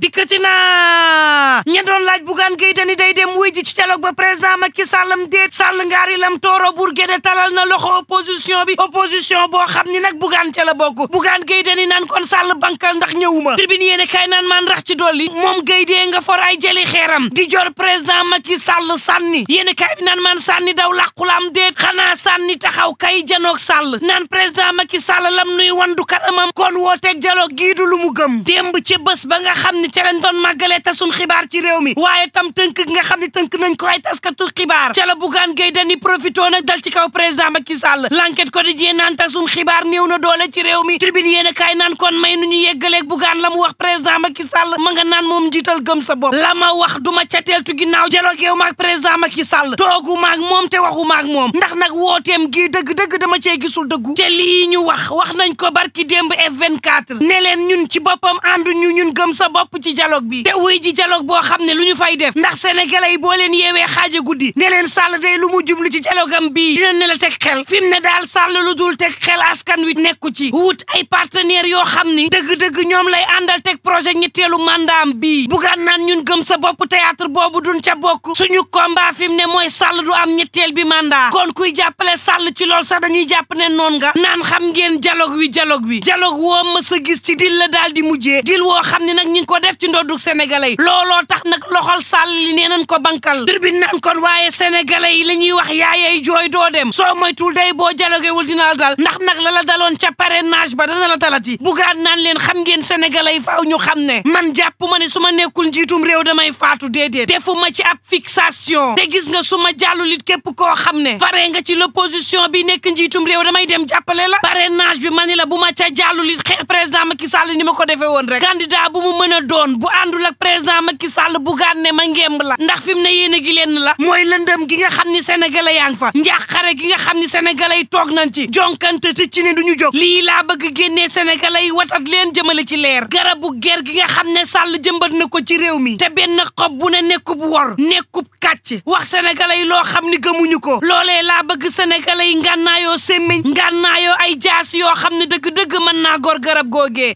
dikkati naa ña doon laaj Bougane Gueye Dany day dem wuy ji ci dialogue ba président Macky Sallam déet Sall ngaari lam tooro bur géde talal na loxo opposition bi opposition boo xam ni nag Bougane ca la bokk Bougane Gueye Dany naan kon Sall bankal ndax ñëwuma tribune yéene kay naan maan rax ci dolli moom Gueye nga for ay jëli xeeram di jor président Macky Sall sànni yéene kay bi naan maan sànni daw làqulaam déet xanaa sànni taxaw kay janoog Sall naan président Macky Sall lam nuy wandu kanamam kon wooteeg dialogue gii du lu mu gëm démb ca bés ba ca lañ doon màggalee tasum xibaar ci réew mi waaye tam tënk nga xam ne tënk nañ ko ay taskatu xibaar ca la Bougane Gueye Dany profité nag dal ci kaw président Macky Sall l'enquête quotidien naan tasum xibaar néew na doole ci réew mi tribune yéen kaay naan kon may nu ñu yeggale Bougane la mu wax président Macky Sall ma nga naan moom njiital gëm sa bopp la ma wax duma ca teeltu ginnaaw jalogeew maag président Macky Sall toogu maag moom te waxu maag moom ndax nag wooteem gii dëgg-dëgg dama cee gisul dëggu te lii ñu wax wax nañ ko barki démb F24 ne leen ñun ci boppam àndu ñun gëm sa bopp ci dialogue bi te wuy ji dialogue boo xam ne lu ñu fay def ndax sénégalais yi boo leen yeewee xaaja guddi ne leen sàll lu mu jublu ci dialogue am bii dina ne la teg xel fi mu ne daal sàll lu dul teg xel askan wi nekku ci wut ay partenaires yoo xam ni dëgg-dëgg ñoom lay àndal teg projet ñetteelu mandaam bii bugaan nan ñun gëm sa bopp théâtre boobu duñ ca bokk suñu combat fi mu ne mooy sàll du am ñetteel bi mandat kon kuy jàppale sàll ci lool sax dañuy jàpp ne noon nga naan xam ngeen dialogue wi dialogue wi dialogue ma sa ci dil daal di mujjee def ci ndoddug sénégalais yi looloo tax nag loxol sàll li nee nañ ko bankal tribune naan kon waaye sénégalais yi la ñuy wax yaayey jooy doo dem soo moytul day boo jalogewul dinaa la dal ndax nag la la daloon ca parrainage ba dana la talati bugaan naan leen xam ngeen sénégalais yi faaw ñu xam ne man jàpp ma ne su nekkul njiitum réew damay faatu déedéet defu ma ci ab fixation te gis nga su ma jàllul it képp koo xam ne fare nga ci l'opposition bi nekk njiitum réew damay dem jàppale la parrainage bi ma ni la bu ma ca jàllul it xeex président Macky ma ko defee woon doon bu àndul ak président Macky Sall bugaan ne ma ngemb la ndax fi mu ne yéen a gi leen la mooy lëndëm gi nga xam ni sénégalais yaa ngi fa njaaxare gi nga xam ni sénégalais yi toog nañ ci jonkante te ci ne du ñu jóg lii laa bëgg génnee sénégalais yi watat leen jëmale ci leer garabu ger gi nga xam ne Sall jëmbat na ko ci réew mi te benn xob bu ne nekkub wor nekkub kac wax sénégalais yi loo xam ni gëmuñu ko loole laa bëgg sénégalais yi ngànnaayoo sémmiñ ngànnaayoo ay jaas yoo xam ne dëgg-dëgg mën naa gor garab googee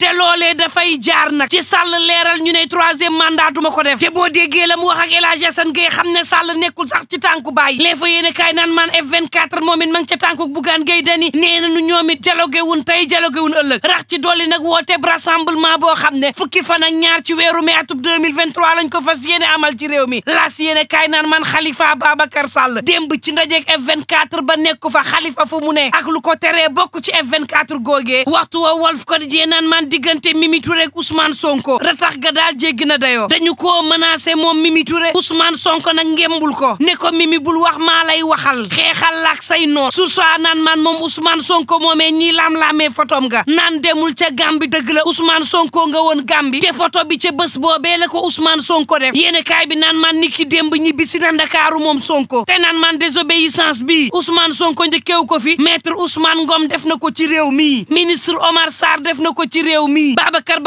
leeral ñu ne troisième mandat duma ko def boo déggee la mu ak El Hadji Assane Gueye xam ne Sall nekkul sax ci tànku bàyyi lee fa yéen a kaay naan man F24 moom it ma ngi ca tànku Bougane Gueye Dany nee na nu ñoom it dialogue wun tey dialogue wun ëllëg rax ci dolli nag woote rassemblement boo xam ne fukki fan ak ñaar ci weeru mai atub 2023 lañ ko fas yéene amal ci réew mi laas yéene kaay naan man Khalifa Babacar Sall démb ci ndajeeg F24 ba nekku fa Khalifa fu mu ne ak lu ko teree bokk ci F24 googee waxtu wa Walf Quotidien naan man diggante Mimi Touré ak Ousmane Sonko ratax wax ga daal jéggi na dayoo dañu ko menacé moom Mimi Touré Ousmane Sonko nag ngembul ko ne ko Mimi bul wax maa lay waxal xeexal laak say noon su saa naan man moom Ousmane Sonko moomee ñii laam-laamee fotom nga naan demul ca Gàmbi dëgg la Ousmane Sonko nga woon Gàmbi te photo bi ca bés boobee la ko Ousmane Sonko def yéen kaay bi naan man niki démb ñibbisi na Ndakaaru moom Sonko te naan man désobéissance bi Ousmane Sonko njëkkeew ko fi maître Ousmane Ngom def na ko ci réew mi ministre Omar Sarr def na ko ci réew mi Babacar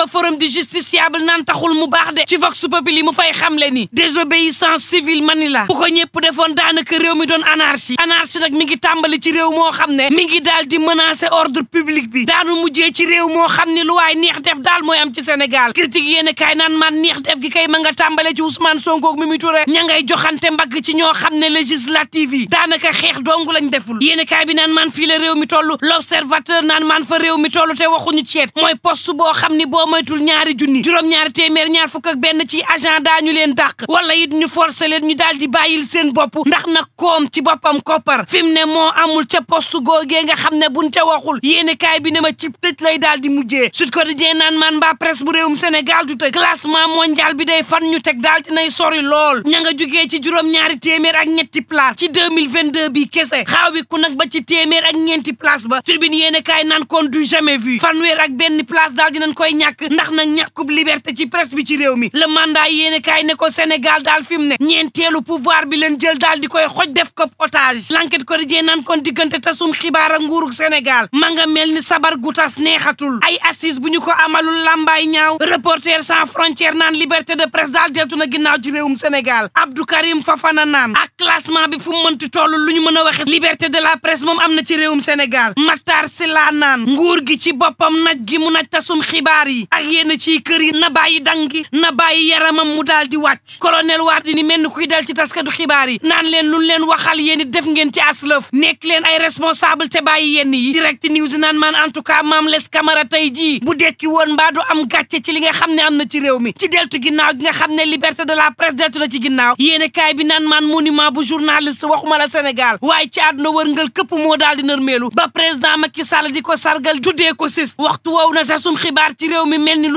seetaan taxul mu baax de ci vox populi mu fay xamle ni désobéissance civile mani la bu ko ñëpp defoon daanaka réew mi doon anarchie anarchie nag mi ngi tàmbali ci réew moo xam ne mi ngi daal di menacer ordre public bi daanu mujjee ci réew moo xam ne lu waay neex def daal mooy am ci Sénégal critique yéen kaay naan man neex def gi kay ma nga tàmbale ci Ousmane Sonko ak Mimi Touré ña ngay joxante mbagg ci ñoo xam ne législative yi daanaka xeex dong lañ deful yéen kaay bi naan man fii la réew mi toll l'observateur naan man fa réew mi toll te waxuñu ceet mooy poste boo xam ni boo moytul ñaari junni juróom-ñaari ñaar ñaar fukk ak benn ci agent daañu leen dàq wala it ñu forcé leen ñu daal di bàyyil seen bopp ndax nag koom ci boppam koppar fi mu ne moo amul ca poste googee nga xam ne buñ ca waxul yéene kaay bi ne ma cib tëj lay daal di ko Sud Quotidien naan man mbaa presse bu réewum Sénégal du tëj classement mondial bi day fan ñu teg daal dinay sori lool ña nga jugee ci juróom-ñaari téeméer ak ñetti place ci vingt 2022 bi kese xaawiku nag ba ci téeméer ak ñeenti place ba tribune yéene kaay naan kon du jamais vu fanweer benn place daal dinañ koy ñàkk ndax nag ñàkkub liberté ci presse bi ci réew mi la mandat yéene kaay ne ko Sénégal dal fi mu ne ñeenteelu pouvoir bi leen jël daal di koy xoj def ko otage l'enquête quotidien nan kon diggante tasum xibaar ak nguurug Sénégal ma nga mel ni sabar gu tas neexatul ay assise bu ñu ko amalul làmbaay ñaaw reporter sans frontière naan liberté de presse daal deltu na ginnaaw ci réewum Sénégal Abdou Karim Fafana naan ak classement bi fu mu mënti toll lu ñu mën a waxe liberté de la presse moom am na ci réewum Sénégal Matar Sylla naan nguur gi ci boppam naj gi mu naj tasum xibaar yi ak yenn ci kër yi na bàyyi dangi na bàyyi yaramam mu daal di wàcc colonel Wardini mel ni kuy dal ci taskatu xibaar yi naan leen luñ leen waxal yéen def ngeen ci aslëf nekk leen ay responsable te bàyyi yenn yi direct news naan man en tout cas maam les Camara tey jii bu dekki woon mbaa du am gàcce ci li nga xam ne am na ci réew mi ci deltu ginnaaw gi nga xam ne liberté de la presse deltu na ci ginnaaw yéene kaay bi naan maan monument bu journaliste waxuma la Sénégal waaye ci àdduna wërngal këpp moo daal di nërmeelu ba président Macky Sall di ko sargal tuddee ko sis waxtu woow na tasum xibaar ci réew mi mel ni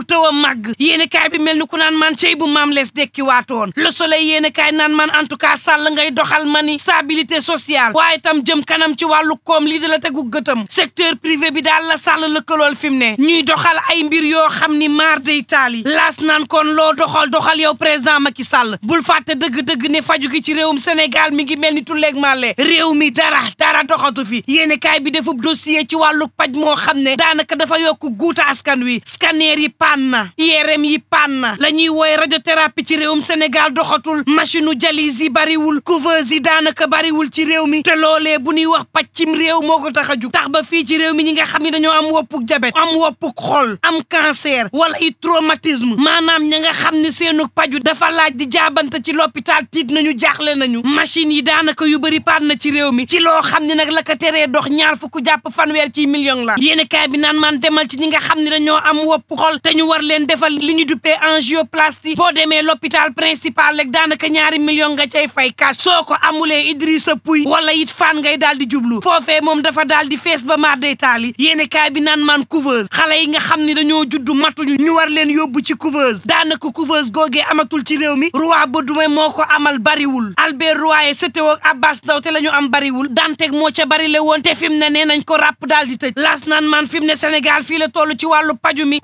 lu tëw a màgg yéen kaay bi mel ni ku naan man cey bu maam lees dekki waatoon le soleil yéen kaay naan man en tout cas sàll ngay doxal mani stabilité sociale waaye tam jëm kanam ci wàllu koom lii da la tegu gëtam secteur privé bi daal la sàll lëkkalool fi mu ne ñuy doxal ay mbir yoo xam ni maar day taali laas naan kon loo doxal doxal yow président Macky Sall bul fàtte dëgg-dëgg ne faju gi ci réewum Sénégal mi ngi mel ni tulleeg màlle réew mi dara dara doxatu fi yéen kaay bi defub dossier ci wàllu paj moo xam ne daanaka dafa yokk guuta askan wi paan na IRM yi paan na la ñuy wooye radiothérapie ci réewum Sénégal doxatul machine u dialyse yi bariwul couveuse yi daanaka bariwul ci réew mi te loolee bu ñuy wax pàccim réew moo ko tax a jug tax fii ci réew mi ñi nga xam ni dañoo am woppuk jabet am woppuk xol am cancer wala i traumatisme maanaam ña nga xam ne seenu paju dafa laaj di jaabante ci l'hôpital tiit nañu jaaxle nañu machine yi daanaka yu bëri paan na ci réew mi ci loo xam ni nag la ko dox ñaar fukk jàpp fanweer ci million la yéene kaay bi naan maan ñi nga xam ne dañoo am wopp xol ñu war leen defal li ñu duppee angioplastie boo demee l'hôpital principal rek daanaka ñaari million nga cay fay cash soo ko amulee Idrissa Pouy wala it fan ngay daal di jublu foofee moom dafa daal di fees ba maa day taali yéene kaay bi naan maan couveuse xale yi nga xam ni dañoo juddu matuñu ñu war leen yóbbu ci couveuse daanaka couveuse googee amatul ci réew mi roi ba dume moo ko amal bariwul Albert Royer Sétéo ak Abbas Ndao te la ñu am bariwul dantek moo ca bari le woon te ne nee nañ ko ràpp daal di tëj las naan fi mu ne Sénégal fii la toll ci wàllu paju mi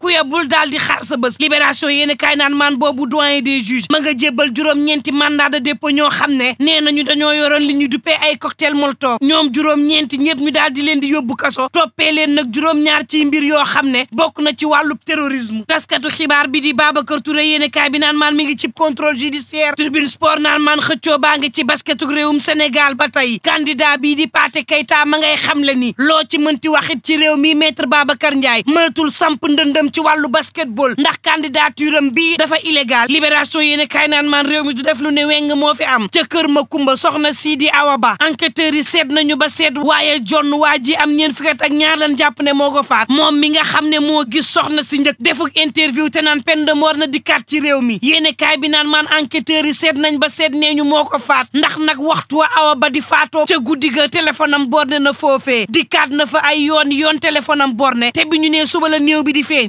daal di xaar sa bés libération yéen i kaay naan maan boobu doyen des juges ma nga jébbal juróom-ñeenti mandat de dépôt ñoo xam ne nee nañu dañoo yoroon li ñu duppee ay cocktail molotov ñoom juróom-ñeenti ñëpp ñu daal di leen di yóbbu kaso toppee leen nag juróom-ñaar ci mbir yoo xam ne bokk na ci wàllub terrorisme taskatu xibaar bi di Babacar Touré yéen i bi naan maan mi ngi ci contrôle judiciaire tribune sport naan maan xëccoo baa ngi ci basketuk réewum Sénégal ba tey candidat bii di Pathé Keita ma ngay xam le ni loo ci mënti waxit ci réew mi maître Babacar mënatul samp ndëndëm ci wàllu basket basketball ndax candidature am bii dafa illégal libération yéene kaay naan maan réew mi du def lu ne weng moo fi am ca kër ma kumba soxna di Awa Ba enquêteurs yi seet nañu ba seet waaye jonn waa ji am ñeen fukki at ak ñaar lan jàpp ne moo ko faat moom mi nga xam ne moo gis soxna si njëkk defuk interview te naan peine de mort na dikkaat ci réew mi yéene kaay bi naan maan enquêteurs yi seet nañ ba seet nee ñu moo ko faat ndax nag waxtu wa Awa Ba di faatoo ca guddi ga téléphone am borne na foofee dikkaat na fa ay yoon yoon téléphone am borne te bi ñu nee suba la néew bi di feeñ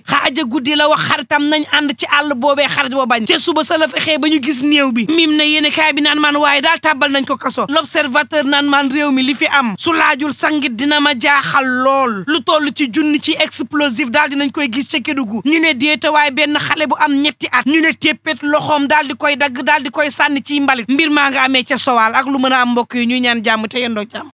la wax xaritam nañu ànd ci àll boobee xarit boo bañ ca suba sa la fexee ba ñu gis néew bi mim na yéene kaay bi naan maan waaye daal tàbbal nañ ko kaso l'observateur naan man réew mi li fi am su laajul sangit dina ma jaaxal lool lu toll ci junni ci explosif daal dinañ koy gis ca Kédougou ñu ne déetawaay benn xale bu am ñetti at ñu ne téppét loxoom daal di koy dagg daal di koy sànni ci mbalit mbir maa nga amee ca sowaal ak lu mën a am mbokk yi ñuy ñaan jàmm te yendoo jàmm